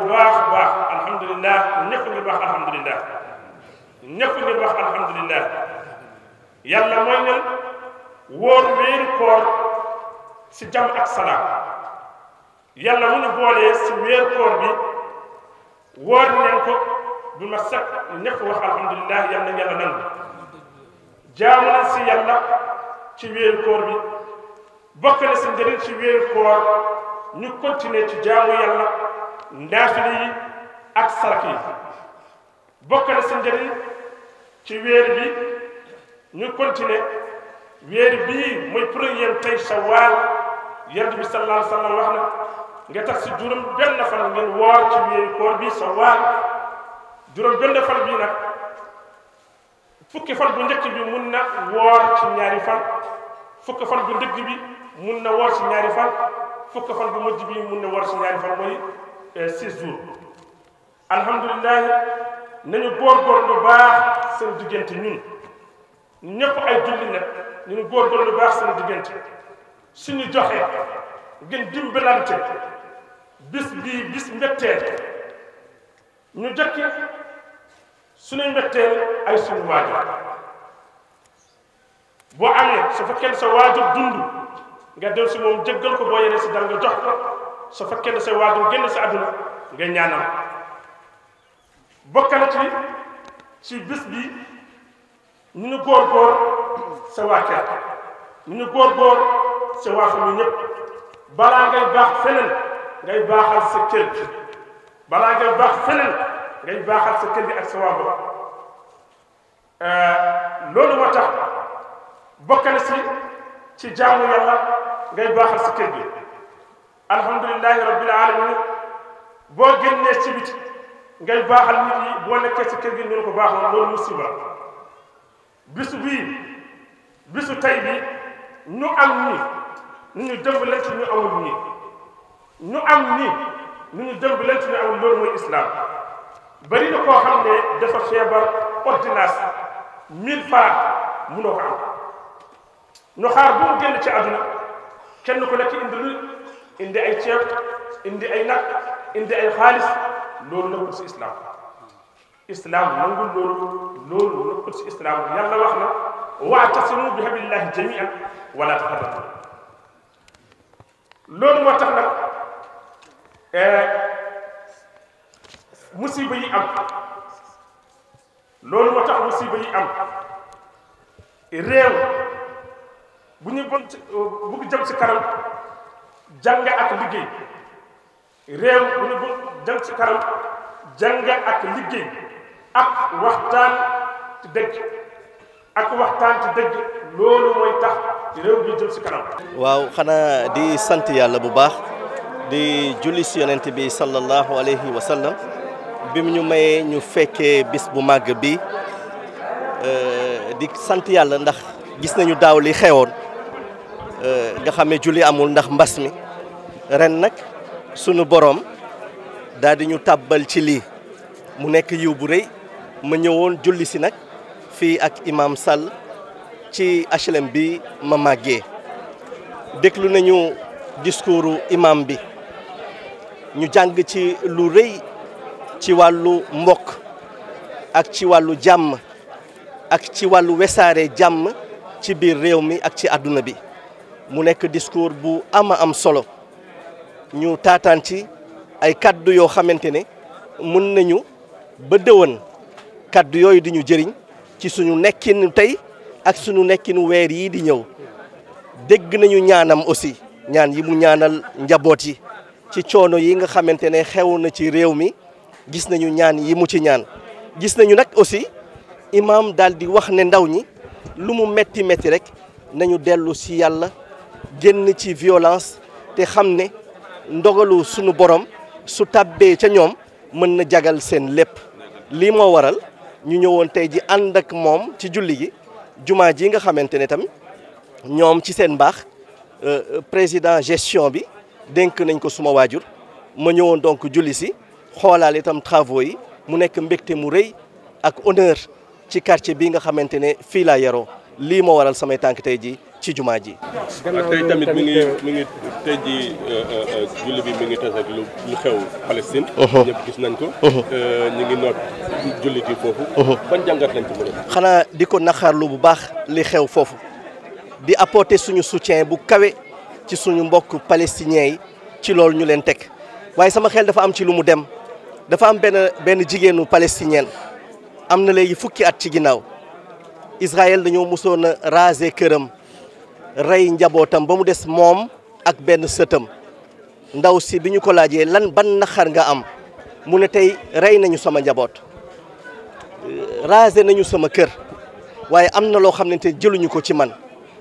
bu baax a baax alhamdulilah ñëpp ngir wax alhamdulilah ñëpp ngir wax alhamdulilah yàlla mooy ñan wóor wéeru koor si jàmm ak salaam yàlla mu ñu boolee si wéeru koor bi wóor nañ ko bu ma sakk ñëpp wax alhamdulilah yàlla yàlla nangu jaamu nañ si yàlla ci wéeru koor bi bokk na si njëriñ ci wéeru koor ñu continuer ci jaamu yàlla naafile yi ak bokk na si njëriñ ci weer bi ñu continuer weer bii muy premier tey Sawaal Yonent bi sallallahu alayhi wa wax na nga tax si juróom benn fan ngeen woor ci weeru koor bi Sawaal juróom benn fan bii nag fukki fan bu njëkk bi mun na woor ci ñaari fan fukki fan bu njëkk bi mun na woor ci ñaari fan fukki bu mujj bi mun na woor ci ñaari fan mooy six jours alhamdulilah nañu góorgóor lu baax seen diggante ñun ñëpp ay julli nag ñu góorgóor lu baax seen diggante suñu joxe ngeen dimbalante bis bii bis mbetteel ñu jëkki suñu mbetteel ay suñu waajur boo amee su fekkee sa waajur dund nga dem si moom jëggal ko boo yenee si dal nga jox su fekkee ne say waajur génn sa àdduna ngay ñaanal bokk na ci ci bés bi ñu nu góor-góor sa waa kër ñu ñu góor-góor sa waa famille ñëpp balaa ngay baax feneen ngay baaxal sa kër gi balaa ngay baax feneen baaxal sa kër ak sa waa bopp euh, loolu moo tax bokk na si ci jaamu yàlla ngay baaxal sa kër gi. alhamdulilahi rabbil alamin boo génnee ci biti ngay baaxal nit yi boo nekkee ci kër gi noonu ko baaxal loolu musiba bisu bii bisu tey bi ñu am ni ñu ñu dëmb leen ci ñu ñu am ni ñu ñu dëmb leen ci ñu amul loolu mooy islam bari na koo xam ne dafa feebar ordonnance mille francs mënoo ko am ñu xaar bu mu génn ci àdduna kenn ku nekk indi indi ay ceeb indi ay nag indi ay xaalis loolu nekkul si islam islam nangul loolu loolu nekkul si islam yàlla wax na waatasimu bi hablillahi jamian wala tafarraqu loolu moo tax eh, musiba yi am loolu moo tax musiba yi am réew bu ñu bëgg jëm si kanam jàng ak liggéey réew bu ñu jëm ci kanam jàng ak liggéey ak waxtaan ci dëgg ak waxtaan ci dëgg loolu mooy tax réew bi jëm ci kanam. waaw xanaa di sant yàlla bu baax di julli si yonent bi sallallahu alayhi wa sallam bi mu ñu mayee ñu fekkee bis bu màgg bi di sant yàlla ndax gis nañu daaw li xewoon. Euh, nga xam ne julli amul ndax mbas mi ren nag sunu borom daldi ñu tàbbal ci lii mu nekk yiw bu rëy ma ñëwoon julli si nag fii ak imam sàll ci HLM bi ma màggee déglu nañu discoursu imam bi ñu jàng ci lu rëy ci wàllu mbokk ak ci wàllu jàmm ak ci wàllu wesaare jàmm ci biir réew mi ak ci àdduna bi mu nekk discours bu ama am solo ñu taataan ci ay kàddu yoo xamante ne mun nañu ba dëwën kàddu yooyu di ñu jëriñ ci suñu nekkinu tey ak suñu nekkinu weer yii di ñëw dégg nañu ñaanam aussi ñaan yi mu ñaanal njaboot yi ci coono yi nga xamante ne xew na ci réew mi gis nañu ñaan yi mu ci ñaan gis nañu nag aussi imam daal di wax ne ndaw ñi lu mu metti metti rek nañu dellu si yàlla génn ci violence te xam ne ndogalu sunu borom su tàbbee ca ñoom mën na jagal seen lépp lii moo waral ñu ñëwoon tey ji ànd ak moom ci julli gi jumaa ji nga xamante ne tam ñoom ci seen mbaax euh, euh, président gestion bi dénk nañ ko suma waajur ma ñëwoon donc julli si xoolaal itam travaux yi mu nekk mbégte mu rëy ak honneur ci quartier bi nga xamante ne fii laa yaroo lii moo waral samay tànk tey ji ci jumaa ji. tey tamit mi xew Palestine. Uh-huh. gis nañ ko. Uh-huh. Euh, ñu foofu. Uh-huh. ban jàngat lañ ci mën a. xanaa di ko naqarlu bu baax li xew foofu di apporter suñu sutien bu kawe ci suñu mbokk palestiniens yi ci loolu ñu leen teg waaye sama xel dafa am ci lu mu dem dafa am benn benn jigéenu palestinienne am na léegi fukki at ci ginnaaw Israël dañoo mosoon a raser këram. rey njabootam ba mu des moom ak benn sëtam ndaw si bi ñu ko laajee lan ban naxar nga am mu ne tey rey nañu sama njaboot rasé nañu sama kër waaye am na loo xam ne te jëluñu ko ci man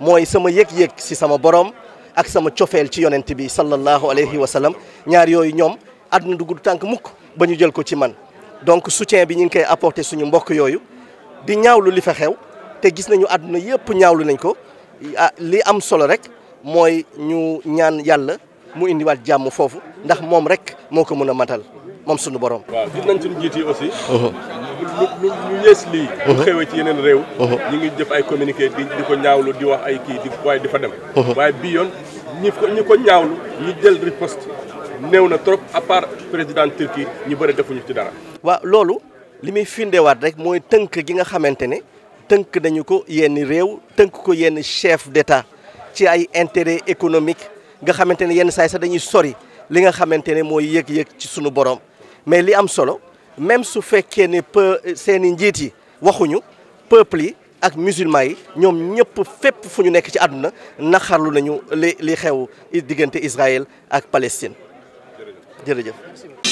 mooy sama yëg-yëg si sama borom ak sama cofeel ci yonent bi sallallahu alayhi wa sallam ñaar yooyu ñoom àdduna dugul tànk mukk ba ñu jël ko ci man donc soutien bi ñu ngi koy apporté suñu mbokk yooyu di ñaawlu li fa xew te gis nañu àdduna yëpp ñaawlu nañ ko Ah, li am solo rek mooy ñu ñaan yàlla mu indiwaat jàmm foofu ndax moom rek moo ko mën a matal moom sunu borom. waaw gis nañ suñu jiit yi aussi. Uh-huh. lu lu yées lii. bu uh-huh. xewee ci yeneen réew. Uh-huh. ñu ngi def ay communiqué di di ko ñaawlu di wax ay kii di waaye di fa dem. waaye bii yoon ñi ko ñaawlu ñu jël riposte néew na trop à part président Turquie ñu bëri defuñu ci dara. waaw loolu li muy findewaat rek mooy tënk gi nga xamante ne tënk nañu ko yenn réew tënk ko yenn chef d'État ci ay intérêt économique nga xamante ne yenn saay sax dañuy sori li nga xamante ne mooy yëg-yëg ci suñu borom mais li am solo même su fekkee ne peu seeni njiit yi waxuñu peuple yi ak musulman yi ñoom ñëpp fépp fu ñu nekk ci àdduna naxarlu nañu li li xew diggante Israël ak Palestine jërëjëf